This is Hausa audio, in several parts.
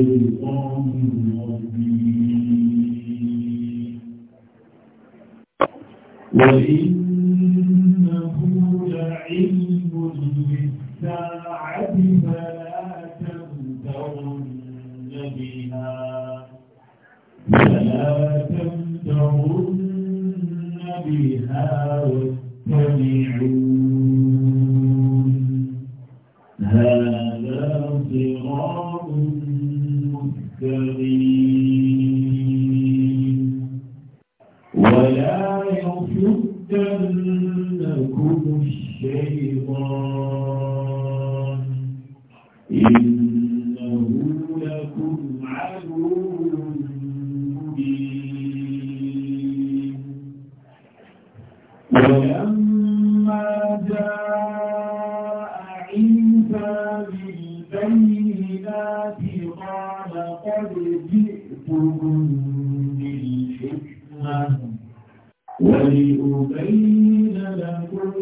الشيطان الرجيم وإنه لعلم للساعة فلا تمترن بها فلا تمترن بها واتبعوا لنبين لكم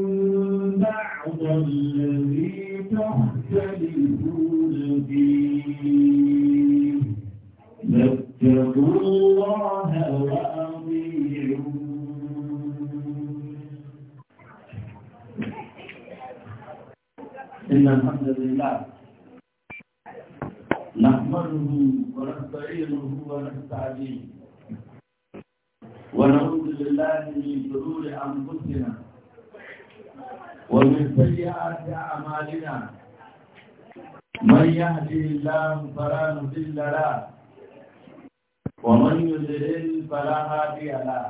بعض الذي تختلفون فيه الله فلا مضل له ومن يضلل فلا هادي له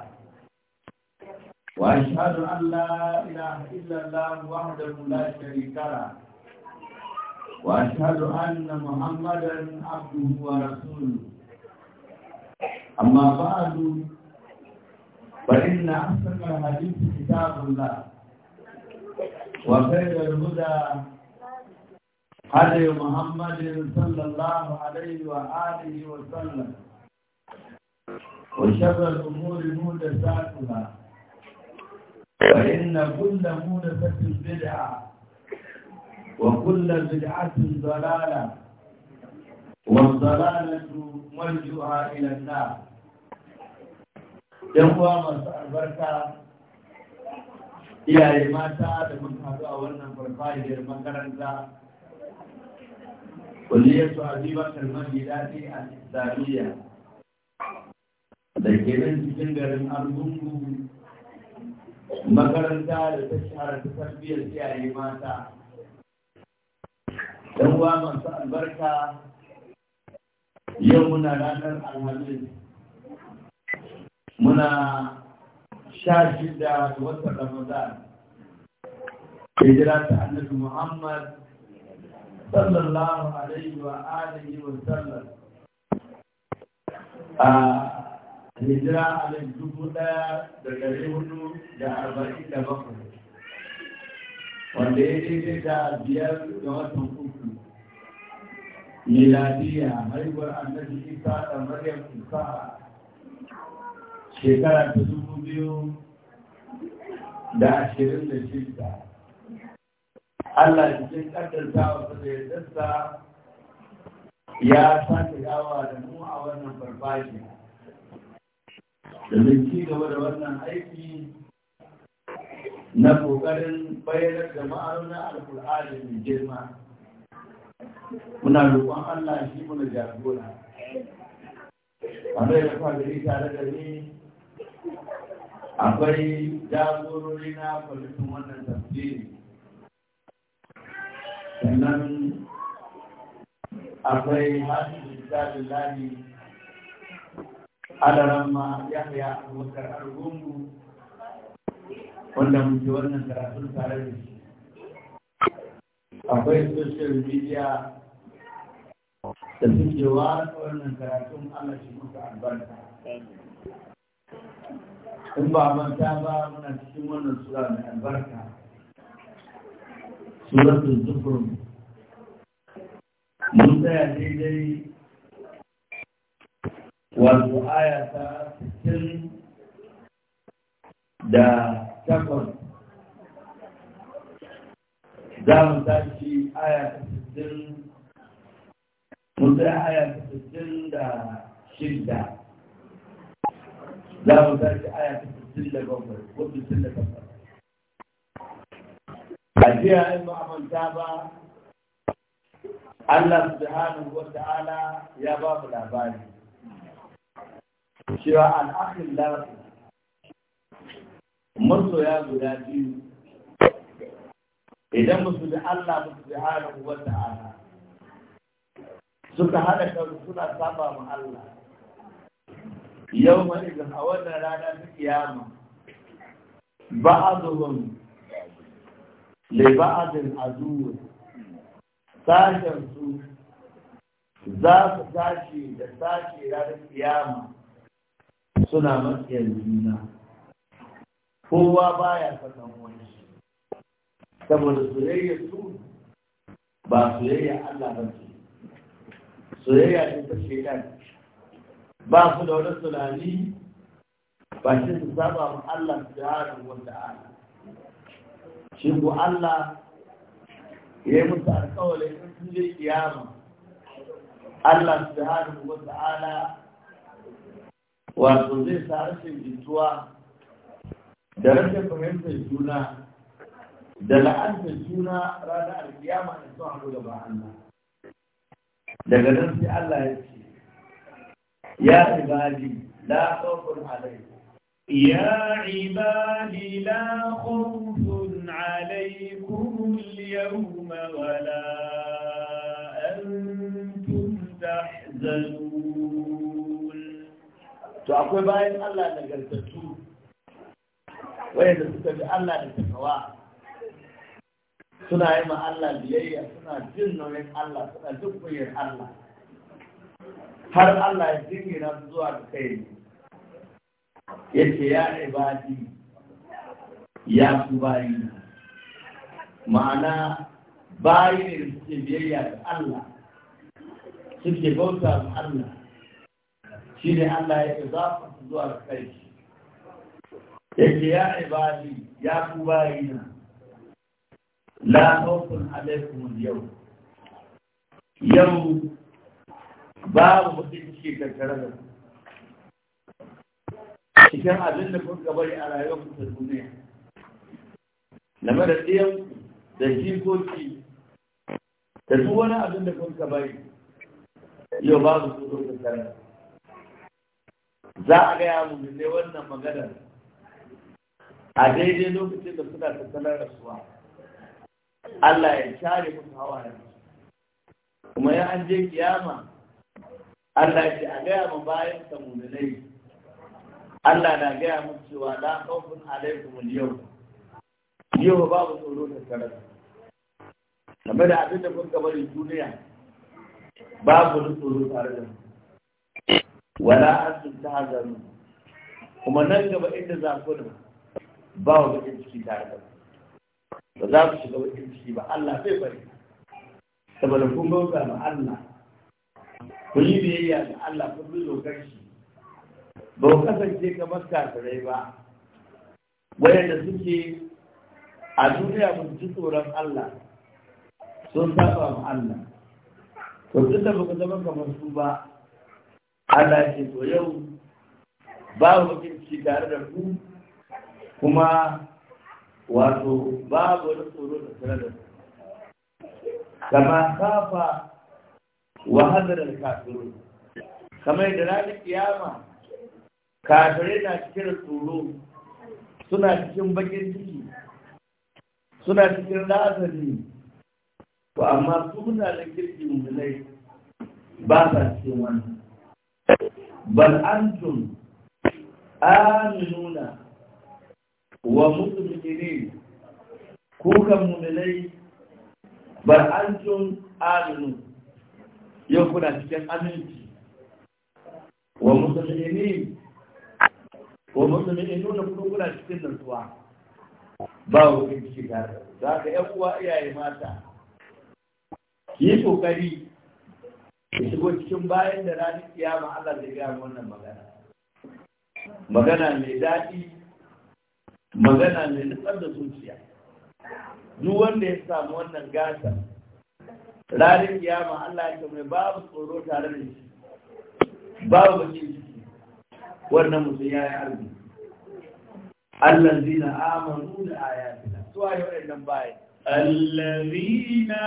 واشهد ان لا اله الا الله وحده لا شريك له واشهد ان محمدا عبده ورسوله اما بعد فان احسن الحديث كتاب الله وخير الهدى علي محمد صلى الله عليه وآله وسلم وشر الأمور مودساتها فإن كل مودسة بدعة وكل بدعة ضلالة والضلالة مرجعها إلى النار ينوى مساء البركة iyaye mata da mun haɗu a wannan farfajiyar makaranta kulliyar su azibatar mahida a islamiyya da ke nan cikin garin argungu makaranta da ta shahara ta tarbiyyar iyaye mata ɗan uwa masu albarka yau muna ranar alhamis muna sha shida da watan ramadan hijira ta annabi muhammad sallallahu alaihi wa alihi wa sallam a hijira a dubu ɗaya da ɗari hudu da arba'in da bakwai wanda ya daidai da biyar ga watan uku miladiya haihuwar annabi isa da maryam isa shekara ta dubu biyu da ashirin da shida Allah cikin ƙaddarta wasu da ya dasta ya sake yawa da mu a wannan farfashi. Domin ci gaba da wannan aiki na ƙoƙarin bayar da Al-Qur'ani mai girma. Muna roƙon Allah shi muna jagora. Amma ya fa gari tare da ni akwai jagorori na kwamitin wannan tafsiri. sannan akwai hajji zaɓin lami adaran ma ya haya abubakar argungu wanda muke wannan karatun tare da shi akwai social media da suke wara wannan karatun allah shi muka albarka in ba manta ba muna cikin wannan sura mai albarka suratul zufur mun tsaya daidai wato aya ta sittin da takwas za mu tashi aya ta mun tsaya aya ta da shidda za mu tashi aya ta da ko da a jiya in ba a manta ba Allah subhanahu wa ta'ala ya ba mu labari cewa al'akhir lafi masoya guda biyu idan musu da Allah subhanahu wa ta'ala suka hada kansu suna saba ma Allah yau ma idan a wannan rana ta kiyama ba'aduhum liba'adin azuwa sashen su za su tashi da tashi ranar kiyama suna matsayin juna kowa baya sakan wani saboda soyayya su ba soyayya Allah ba ce soyayya ce ta shekar ba su da wani tunani ba shi su saba ma Allah su da harin wata ala shi ku Allah ya yi musu alƙawalin sun je kiyama Allah subhanahu wata ala wato zai sa rashin jituwa da rashin fahimtar juna da la'antar juna ranar alƙiyama da sun haɗu gaba hannu. Daga nan sai Allah ya ce, Ya ibadi, la ɗaukar يا عباد لا خوف عليكم اليوم ولا أنتم تحزنون تأكل باين الله نقلتكم wayanda suka bi Allah da takawa suna yi ma Allah biyayya suna jin nauyin Allah suna duk kunyar Allah har Allah ya jingina zuwa ga kai yake ya ibadi ya ku bayi ma'ana bayi ne da suke biyayya da Allah suke bauta da Allah shi ne Allah ya ke za su zuwa da kai yake ya ibadi ya ku bayi na la hukun alaikum yau yau babu mutum ke karkara da ku cikin abin da kun bari a rayuwar ku ta duniya game da ɗiyan da jikoki da duk wani abin da kun bari yau babu su zo da tare za a gaya mu ne wannan maganar a daidai lokacin da suna tattalin rasuwa Allah ya share musu hawayen kuma ya an je kiyama Allah ya ce a gaya mu bayan samunai Allah na gaya mu cewa la khawfun alaikum al-yawm yau babu tsoro da karatu. game da abin da kun bari duniya babu tsoro tare da wala antum tahzanun kuma nan gaba inda za ku da ba wa bakin ciki tare da ba za ku shiga bakin ciki ba Allah zai bari saboda kun bauta ma Allah kun yi biyayya ga Allah kun bi dokar shi ba ku kasance kamar kafirai ba wayanda suke a duniya mun ji tsoron Allah sun saba wa Allah to duk da baka zama kamar su ba Allah ce to yau babu mutunci tare da ku kuma wato babu wani tsoro da tare da kama kafa wa hadar kafiru kamar da ranar kiyama kafirai na cikin tsoro suna cikin bakin ciki suna cikin razani to amma suna da kirki mulai ba sa cikin wani bal antum aminuna wa muslimin ku kan mulai bal antum aminun yau kuna cikin aminci wa muslimin ko musulmi in nuna kudu kuna cikin nutsuwa ba wurin ciki tare za ka yan uwa iyaye mata ki yi kokari ki shigo cikin bayan da ranar kiyama Allah zai gaya wannan magana magana mai daɗi magana mai nutsar da zuciya duk wanda ya samu wannan gasa ranar kiyama Allah ya kamar babu tsoro tare da shi babu bakin wannan mutum ya yi arziki allan zina amanu da ayatina su wadannan baya. bayan zina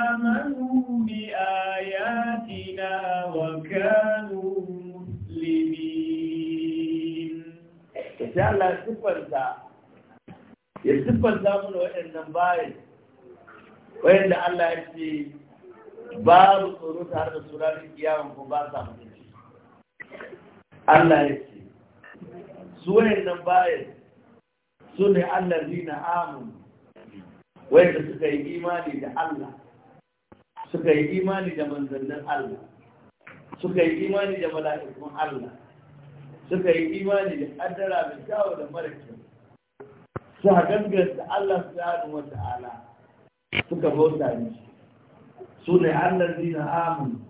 amanu bi ayatina wa kanu Ya sai Allah sifanta ya sifanta mun waɗannan bayan wanda Allah ya ce babu tsoro tare da sura da kiyama ko ba sa mutunci Allah ya ce su wayannan bayan su ne allazi na amun wanda suka yi imani da Allah suka yi imani da manzannin Allah suka yi imani da mala'ikun Allah suka yi imani da addara da kyawu da Su kyau suka da Allah su hannu wata ala suka bauta ne su ne allazi na amun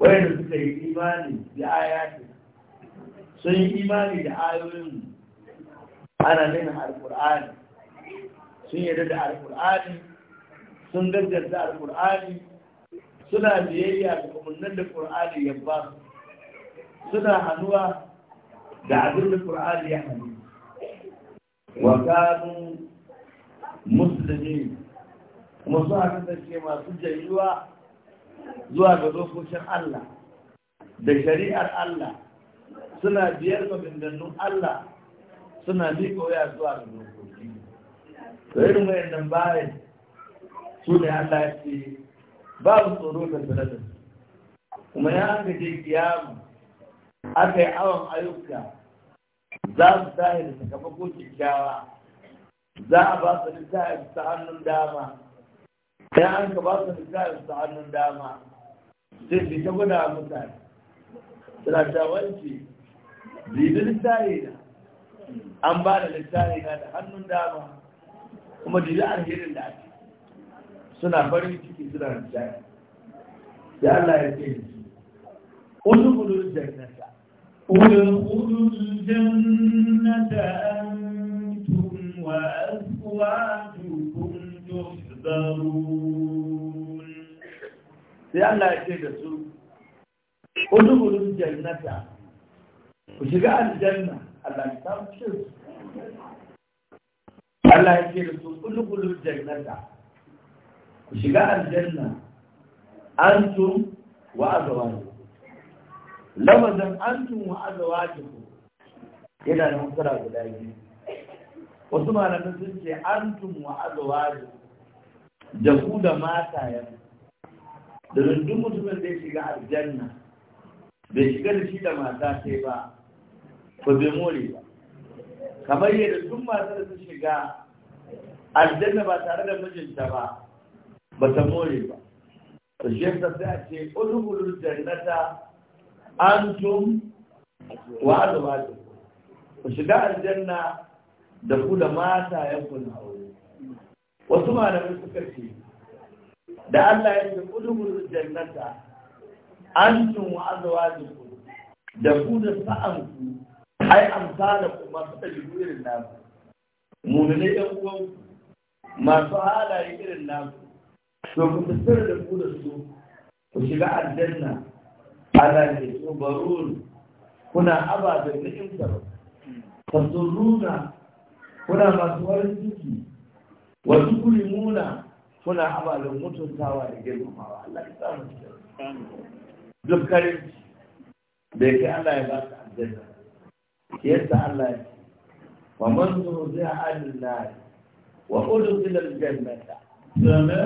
wanda suka yi imani da ayati sun yi imani da ayoyin ana nuna alkur'ani sun yarda da alkur'ani sun gaggata alkur'ani suna biyayya da umarnin da ƙur'ani ya ba suna hannuwa da abin da ƙur'ani ya hannu wa kanu musulmi kuma suna kasance masu jayuwa zuwa ga dokokin Allah da shari'ar Allah suna biyar mabindannun Allah suna miƙa waya zuwa da dokoki to irin nan bayan su ne Allah ya ce ba su tsoro da sanadin kuma ya an gaje kiyamu aka yi awon ayyuka za su tahi da sakamako kyakkyawa za a ba su littafin ta hannun dama Ya an ka ba su littafin ta hannun dama sai su ta gudawa mutane suna ta wance bibi na an ba da littari na da hannun dama kuma dili alherin da ake suna farin ciki suna rinjaya da Allah ya ce su udkhulu jannata udkhulu al-jannata antum wa azwajukum tuhdarun sai Allah ya ce da su udkhulul jannata ku shiga aljanna Allah ya samu cikin Allah ya ce da su udkhulul jannata ku shiga aljanna an tun wa a azwajukum an tun wa a azwajukum yana da matsala guda biyu wasu malamin sun ce an tun wa azwajukum da ku da matayen da rundun mutumin zai shiga aljanna bai shiga da shi da mata sai ba ko bai more ba kamar yadda sun da su shiga aljanna ba tare da mijinta ba ba ta more ba to shi yasa sai a ce udhulul jannata antum wa azwajukum ku shiga aljanna da ku da mata ya ku na aure wasu malamai suka ce da Allah ya ce udhulul jannata annun wa azawa da ku da sa'anku ai amsala ku masu ɗabi'u irin naku ne ɗan uwan masu halaye irin naku to ku tattara da ku da su ku shiga aljanna ala ne su barun kuna ababen ni'imtar fasurruna kuna masu farin ciki wasu kulimuna kuna ababen mutuntawa da girmamawa Allah ya mu duk karin bai kai Allah ya ba ka aljanna yadda Allah ya wa man zuhziha 'anil nar wa udkhila al-jannata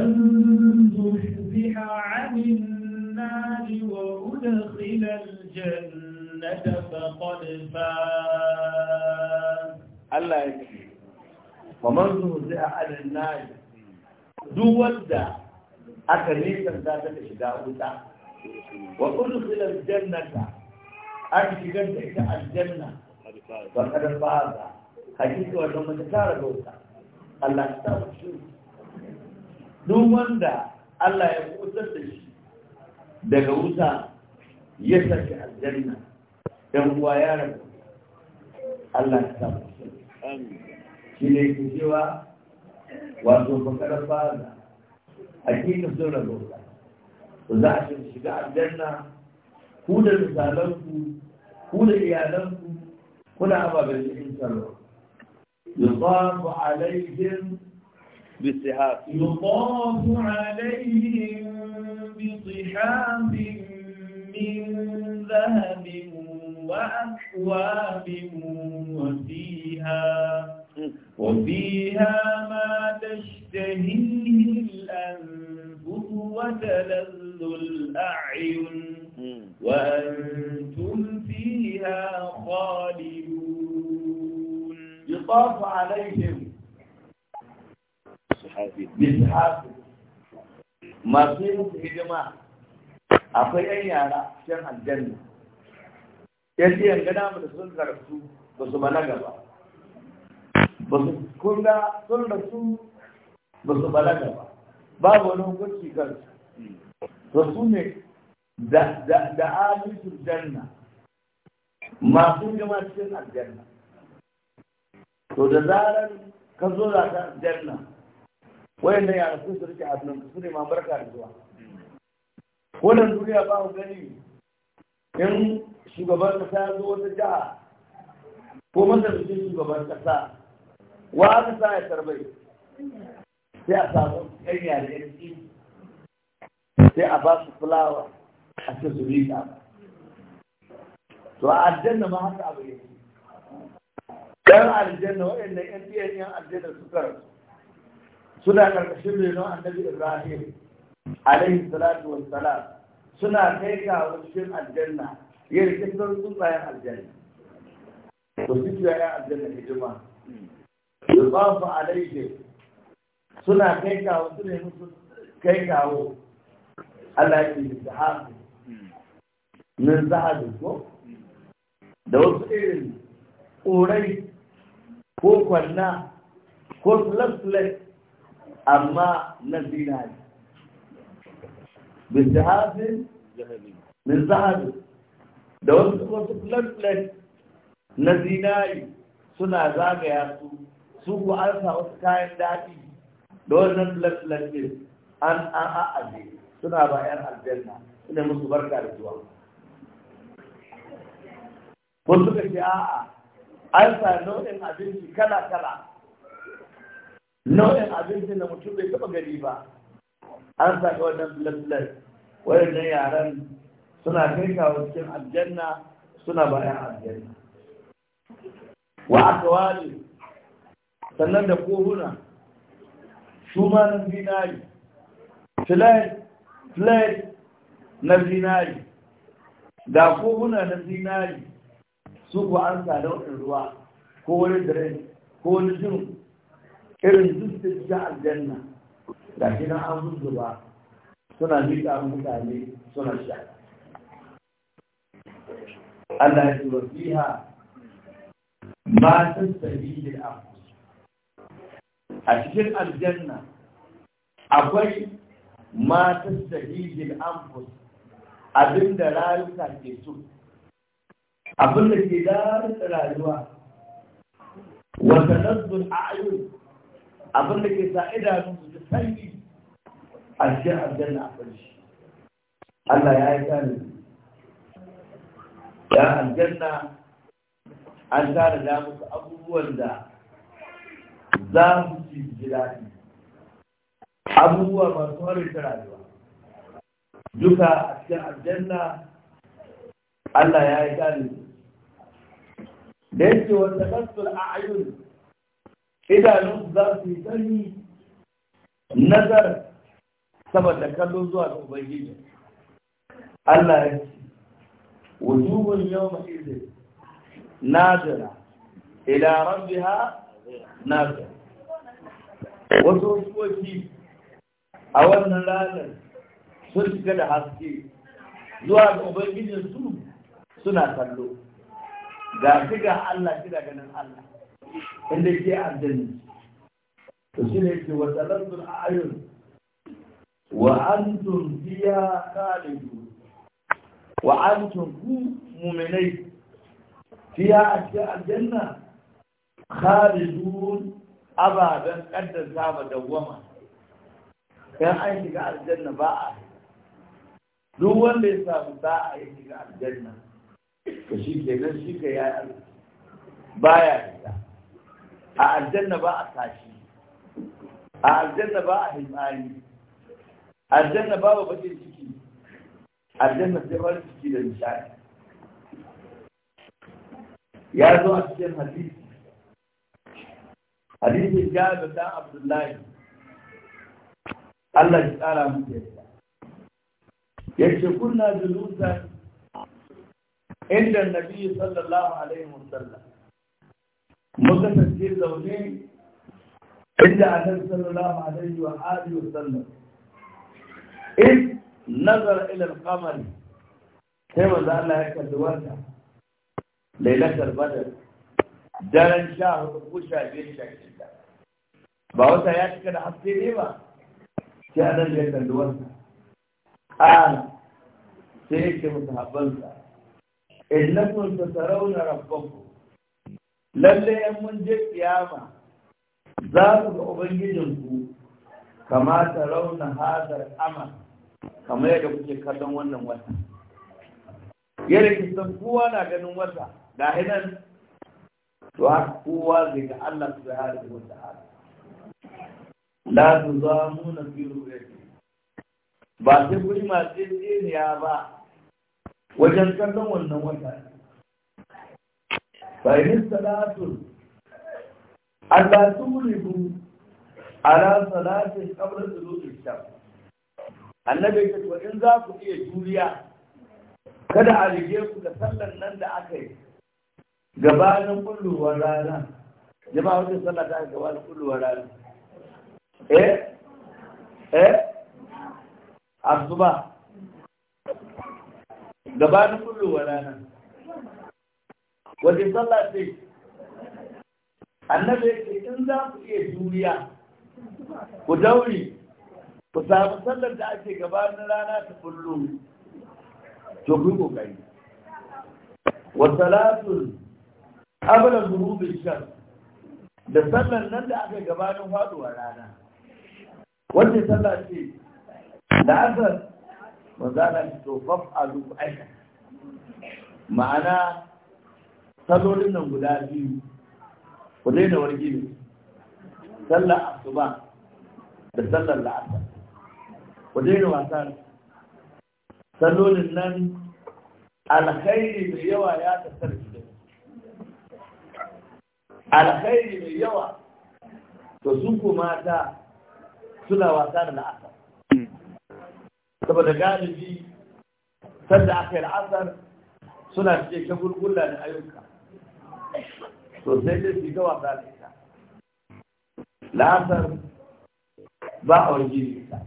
فمن زحزح عن النار وأدخل الجنة فقد فاز الله يكفي ومن زحزح عن النار دو ودع أكريسا ذاتك شداء وتعالى wa udkhila aljannata an shigar da ita aljanna wa qad faza hakika wannan mace ta rabauta Allah ya ta wuce duk wanda Allah ya kusa da shi daga wuta ya saki aljanna dan uwa ya rabu Allah ya ta wuce amin shi ne ke cewa wato ba fakar faza hakika sun rabauta ba za a shiga shiga aljanna ku da misalanku ku da iyalanku kuna ababen cikin sarwa يطاف عليهم بصحاف يطاف عليهم بصحاف من ذهب وأكواب وفيها وفيها ما تشتهيه الأنفس وتلذ الأعين وأنتم فيها خالدون يطاف عليهم بالحق ما في جماعة أخي أي على شيخ الجنة يجي أن قدام الرسول قال بس ما نقبل ba su kunga sun rasu ba su balaga ba babu wani hukunci kansu to su ne da alisul janna masu jama cikin aljanna to da zarar ka zo za ta aljanna wayanda yara sun su rike hannun su ne ma barka da zuwa wannan duniya ba mu gani in shugaban kasa zo wata jiha ko masarufin shugaban kasa wa aka sa ya tarbe? sai a samu da yare sai a ba su fulawa a ce su rika to a aljanna ma haka abu yake ɗan aljanna waɗanda 'yan biyan 'yan aljanna suka suna ƙarƙashin renon annabi ibrahim alaihi salatu wa salam, suna kai ga cikin aljanna yin rikisar tsuntsayen aljanna to su ya ƴan aljanna hijima yuzafu alaihim suna kai kawo su ne musu kai kawo alaƙi ya yi min zahabi ko da wasu irin ƙorai ko kwanna ko slap amma na zinari bin zahabi min zahabi da wasu slap na zinari suna zagaya su su ku an sa wasu kayan daɗi da wannan flat-flat ɗin an an a'aje suna ba 'yan aljanna suna musu barka da zuwa Kun suka ce a'a an sa nau'in abinci kala-kala nau'in abinci da mutum bai taɓa gari ba an sa ga wannan flat-flat waɗannan yaran suna kai kawo cikin aljanna suna ba 'yan aljanna wa aka wani sannan da kohuna shuma na zinari filet na zinari da kohuna na zinari su ku an ruwa ko wani dare ko wani jin irin zuciya ta aljanna da shi na an zuzuba suna miƙa mutane suna sha Allah ya ce wa fiha sabi da abu a cikin aljanna akwai matan da hijin amfus abinda rayuka ke so abinda ke darasa rayuwa wata nazzul a'yun abinda ke sa idanun su ta sanyi a cikin aljanna akwai shi Allah ya yi tare ya aljanna an tara da abubuwan da za su ji daɗi abubuwa masu harin ta rayuwa duka a cikin aljanna Allah ya yi gani da yake wata kasar a ayyun idanun za su yi gani nazar saboda kallon zuwa ga ubangiji Allah ya ce wujuhun yau mai izin nazira ila rabbiha nazira wasu rukoki a wannan ranar sun shiga da haske zuwa ga ubangijin su suna kallo ga shi ga Allah shi ganin Allah inda ke aljanni to shi ne ke wata lantun a ayon? wa antum biya kalibu wa antum ku mu'minai fiya a cikin aljanna khalidun ababen ƙaddasa da goma kan an shiga aljanna ba a duk wanda ya samu ba a yi shiga aljanna ka shi ke nan shi ka yi baya shiga a aljanna ba a tashi a aljanna ba a himayi aljanna ba ba bakin ciki aljanna sai farin ciki da nishadi ya zo a cikin hadisi hadisin jabir da abdullahi Allah ya tsara muke yadda yace kunna julusan inda nabi sallallahu alaihi wasallam muka tace zaune inda annabi sallallahu alaihi wa alihi wasallam in nazar ila al sai wanda Allah ya kalli wata lailatul badr daren sha hudu ko sha biyar sha shida ba wata ya cika da haske ne ba sai a nan ya da wata ƙara sai yake musu haɓansa ta sarauna rabbanku lalle yan mun je tsiyama. za ku ga ubangijinku kama rauna hadar amal kamar yadda kuke kallon wannan wata yadda kisan kowa na ganin wata ga hinan to har kowa zai ga Allah subhanahu wa ta'ala la tuzamuna fi ru'yati ba sai kuri ma tsiniya ba wajen kallon wannan wata bayan salatu Allah turibu ala salatin qabla tulu'i shams annabi ya ce in za ku iya juriya kada a rige ku da sallar nan da aka yi gabanin kulluwar rana jama'a wajen sallah ta gabanin kulluwar rana eh eh asuba gabanin kulluwar rana wajen sallah ce annabi ce in za ku iya juriya ku dauri ku samu sallar da ake gabanin rana ta kullu to ku kokari wa Salatu! abla gurubin shan da sallar nan da aka gabanin faduwa rana wacce sallar ce da asar manzana a faf'alu aika ma'ana salolin nan guda biyu ku daina wargi ne sallar asuba da sallar la'asa ku daina wasan. salolin nan alkhairi mai yawa ya tasar alkhairi mai yawa to su kuma ta suna wasa da la'asar saboda galibi sanda aka yi la'asar suna cike ta gulgula da ayyuka to sai dai su ga wasa da ita la'asar ba a gini ita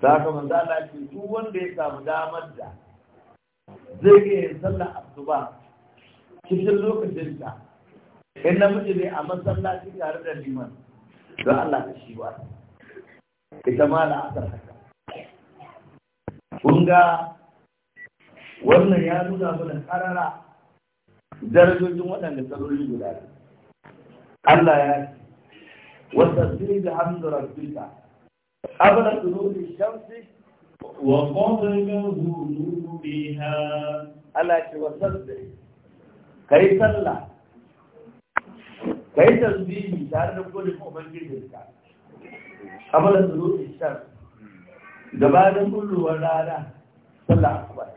sakamakon zala ce duk wanda ya samu damar da zai ga yin sallar asuba cikin lokacin ta in namiji ne a masallaci tare da liman don Allah ta shi ba ita ma da asar haka kun ga wannan ya nuna mana karara darajojin waɗanda saloli guda ne Allah ya ce wata sai da hamdu rabbika abla tsururi shamsi wa hudu hudubiha Allah ce wata Ka kai sallah Ka yi tasbihi tare da gode ko ubangiji ka kamar da zuwa ishan gabanin kullowar rana sallah akbar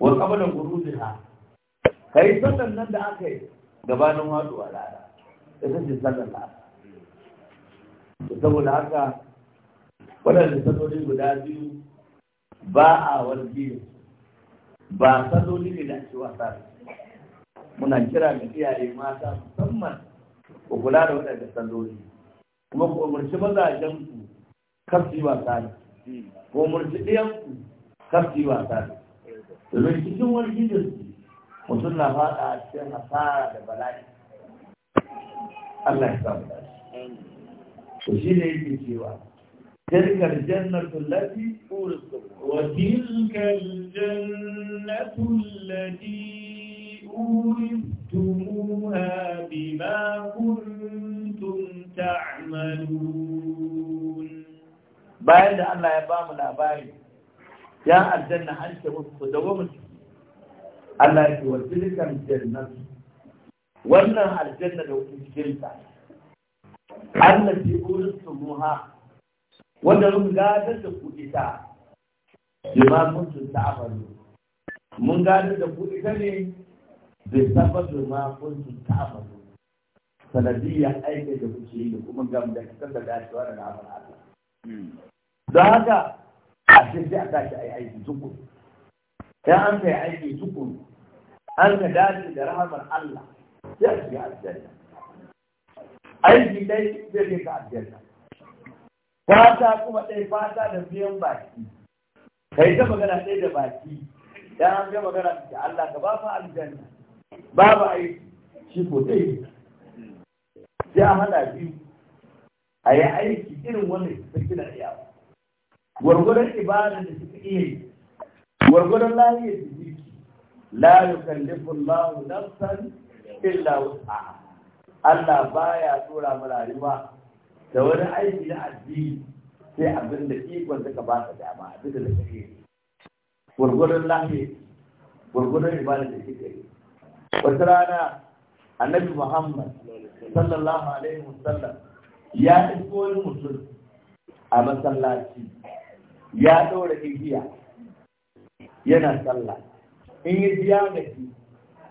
wa qabla ka yi sallan nan da aka yi gabanin waduwa rana ita ce sallan da saboda haka waɗanda salloli guda biyu ba a biyu, ba salloli ne da ake wasa muna kira ga iyaye mata musamman ku kula da waɗanda salloli kuma ku umarci mazajen ku kafci wasa ne ku umarci ɗayan ku kafci wasa ne domin cikin wani gidan mutum na faɗa a cikin asara da bala'i Allah ya samu dace to shi ne yake cewa تلك الجنة التي أورثتم وتلك الجنة التي Ƙuristu Bayan da Allah ya bamu labari ya arzana hancin wasu ko da wasu, Allah ya fi wasu littafin Wannan har da wurin jinta. Allah ce ko rasta mu haƙa. Wadannan ga daka kuɗita. Liman mutunta a faru. Mun gano da kuɗita ne. bai tabbatar ma kuntu ta amalu sanadiyya aiki da kuke yi da kuma gam da kasar da dacewa da namun haka don haka a shi sai a tashi a yi aiki tukuru dan an kai aiki tukuru an ka dace da rahamar Allah sai a shiga aljanna aiki dai zai kai ka aljanna fata kuma ɗaya fata da biyan baki kai ta magana ɗaya da baki dan an ga magana da Allah ka ba mu aljanna babu yi shi ko sai sai a hada biyu a yi aiki irin wanda ta kina iya gwargwadon ibada da suka iya yi gwargwadon lafiyar da jiki la yukallifu Allahu nafsan illa wus'aha Allah baya tura mu rayuwa da wani aiki na addini sai abin da ikon suka ba ka dama abin da suka iya gwargwadon lafiyar gwargwadon ibada da suka yi wata rana annabi muhammad sallallahu alaihi wasallam ya isko wani mutum a masallaci ya ɗora igiya yana sallah in yi biya ga shi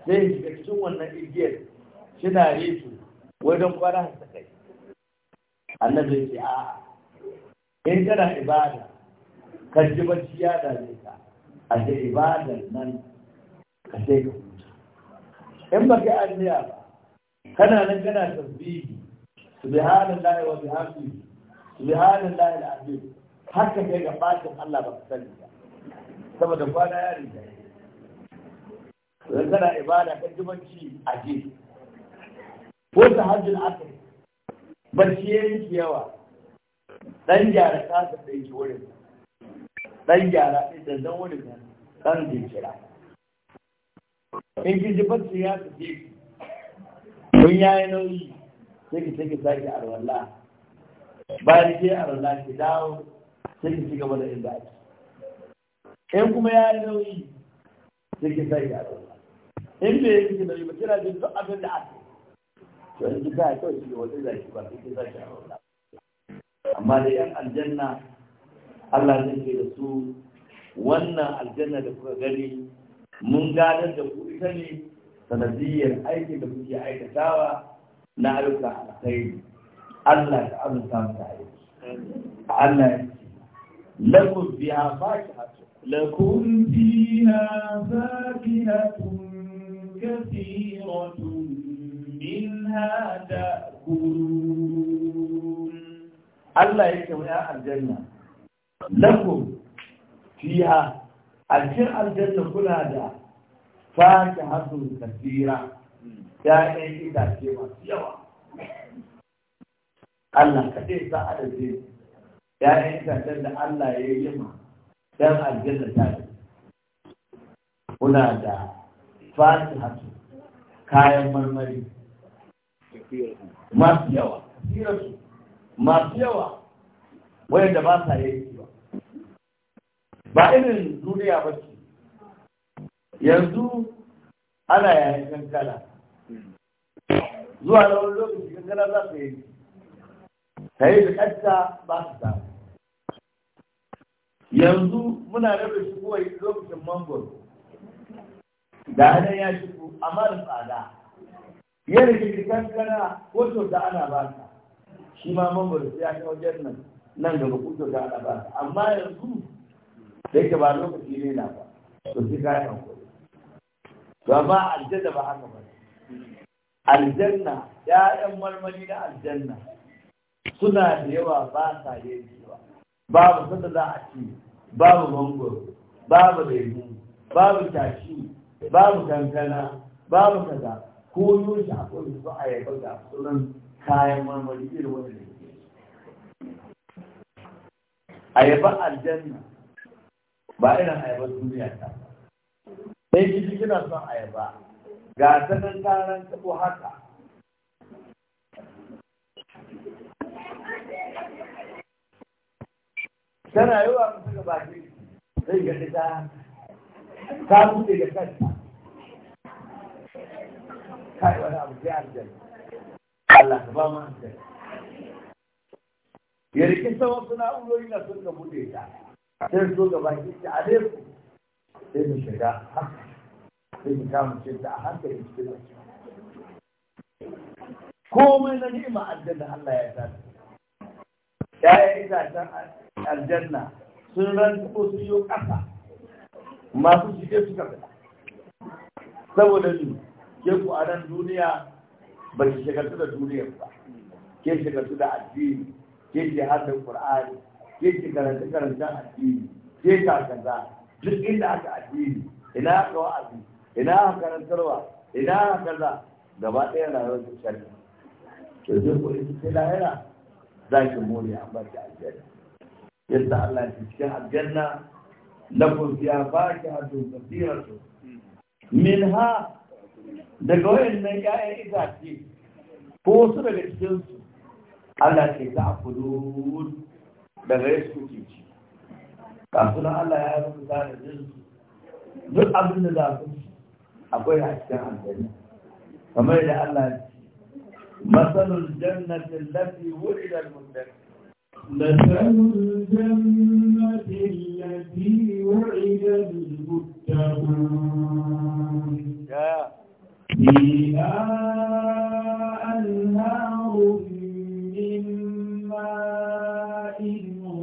sai shiga cikin wannan igiyar suna su wajen kwana su kai annabi ce a in kana ibada ka ji bacci ya dace ka a ce ibadar nan ka sai ka in ba ka addu'a ba kana nan kana tasbihi subhanallahi wa bihamdihi subhanallahi alazim haka kai ga fatin Allah ba ka sani ba saboda kwana ya rinja idan kana ibada ka ji bacci a ji ko ta hajjin asr bacci ya yi yawa dan gyara da ta dai wurin dan gyara da dan wurin dan kira in ki ji bacci ya tafi kun yayi nauyi sai ki sai ki sake arwalla bayan ki arwalla ki dawo sai ki cigaba da inda ake in kuma ya yi nauyi sai ki sake arwalla in bai yi ki nauyi ba kira jin duk abin da ake to in ki sai kawai ki wani zai ki ba sai ki sake arwalla amma da yan aljanna Allah zai ce da su wannan aljanna da kuka gani mun gadar da ku ita ne sanadiyyar aiki da kuke aikatawa na ayyuka kai Allah ya amsa ta aiki Allah ya ce lakum biha fakihatu lakum biha fakihatun kathiratun minha ta'kulun Allah ya ce wa aljanna lakum fiha a cikin aljanna kuna da fata hasu Ya ‘ya'yan itace masu yawa Allah kaɗai sa a Ya ‘ya'yan itacen da Allah ya yi ma don aljanna ta kuna da fata hasu kayan marmari masu yawa masu yawa wanda ba sa yi ba irin duniya ba ce yanzu ana yayin kankana zuwa na wani lokaci kankana za su yi ta yi da ƙasa ba su samu yanzu muna raba shi kowai lokacin mangoro da hannun ya shigo a mara tsada yadda ke kankana ko da ana ba ta shi ma mangoro sai ya kawo nan nan gaba ko da ana ba amma yanzu sai yake ba lokaci ne na ba to sai ka yi hankali to amma aljanna ba haka ba aljanna ya'yan marmari na aljanna suna da yawa ba sa yankewa babu sanda za a ci babu mangoro babu lemu babu tashi babu kankana babu kaza ko yoshi a kone su a yaba ga sunan kayan marmari irin wanda da ke yaba aljanna ba irin ayabar duniya ta sai kiji kina son ayaba ga ta nan taron tabo haka tana yi wa mutu ga baki zai ga ta ta bude da kanta kai wani abu ya aljanna Allah ka ba mu aljanna ya rikin sama suna ulori na sun ka bude ta sai zo gaba baki ta alaikum sai mu shiga sai mu kama ce ta a hankali cikin wasu komai na ni'ima aljanna Allah ya sa ‘Ya'yan itacen aljanna sun rantsuko su yi ƙasa masu shige suka fita. Saboda ni, ke ku a nan duniya ba ki shagaltu da duniyar ba, ke shigar da addini, ke shi hasin Kur'ani, yake karanta karanta addini sai ta kaza duk inda aka addini ina aka wa'azi ina aka karantarwa ina aka kaza gaba ɗaya yau da shari to zai ko ita sai lahira za ki more an ba ki aljanna yadda Allah ya cikin aljanna lakum fiha fakihatun min minha daga wayannan ƴaƴan itace ko su daga cikin Allah ke ta kudu daga yadda kuke ci kasu nan Allah ya rubuta da jinsu duk abin da za su ci akwai a hankali. kamar yadda Allah ya ce masalul jannati allati wurida al-muttaqin مثل الجنة التي وعد المتقون فيها أنهار من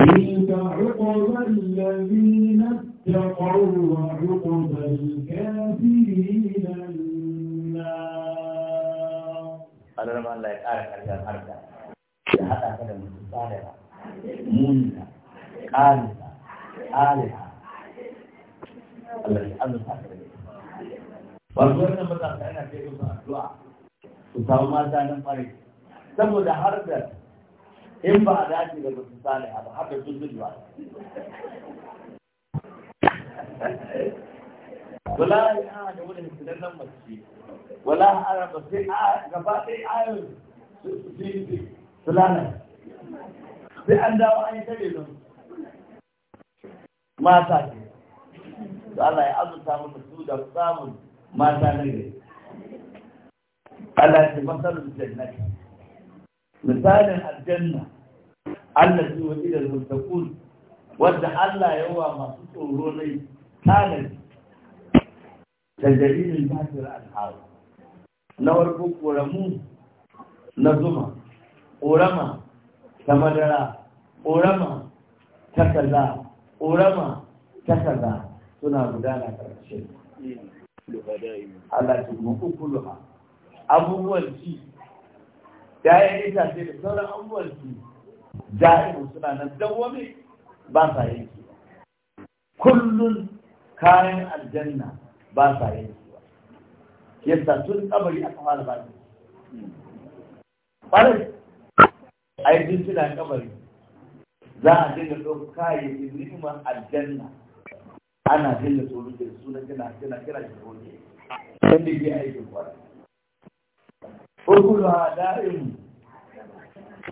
تلك عقبى الذين اتقوا وعقبى الكافرين النار أدرم الله يقارك أرجع أرجع شهادة كده مستطالعة مونة قالبة آلهة الله يحمل فاكرين والغرنا متى سألنا في الدعاء وصاوما زانا فريق saboda har da in ba a dace da Sani a ba haka sun zuwa wala ya da wani masu mace wala araba sai a gaba ɗaya ayon sulana sai an dawo an yi tare nan. mata ce da Allah ya azurta mutu su da samun mata ne Allah ya ce masarar jannati misalin aljanna Allah shi wa idan mutakun wadda Allah yawa masu tsoro ne tanadi da dalilin tafiyar alharu na warko ƙoramu na zuma ƙorama ta madara ƙorama ta kaza ƙorama ta kaza suna gudana karshe Allah ji mu ukuluha abubuwan ci yayin itace da sauran abubuwan su ja'ibu suna nan dawwame ba sa yanki kullun kayan aljanna ba sa yanki ba yadda tun kabari aka fara ba su ɓarai a yi jinsuna kabari za a dinga ɗauka kayayyaki ni'imar aljanna ana dinga tsoro da sunan kina kina kina shi hoke wanda ke aikin kwarai ukuluha da'im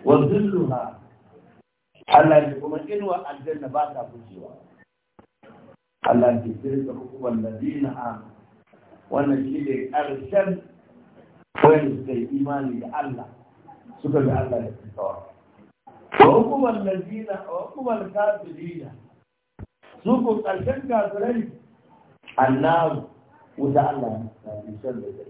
wa zilluha Allah ya kuma inuwa aljanna ba ta gujewa Allah ya ce da hukumar ladina a wannan shi ne ƙarshen wani suka imani da Allah suka bi Allah da kasawa wa hukumar ladina wa hukumar kafirina su ku ƙarshen kafirai annabu wuta Allah ya sa da shi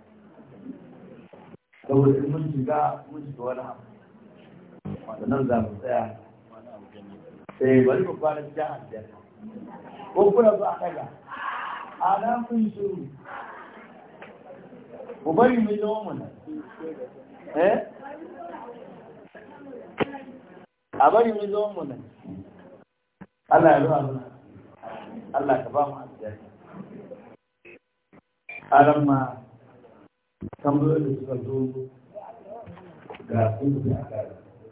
saboda in mun shiga mun shiga wani abu wanda nan za mu tsaya sai eh, bari mu fara cikin aljanna ko kuna zuwa kaga a nan kun shiru ku bari mu yi mu nan eh a bari mu zo mu nan Allah ya zuwa mu Allah ka ba mu aljanna alamma tambayoyin da suka zo ga inda aka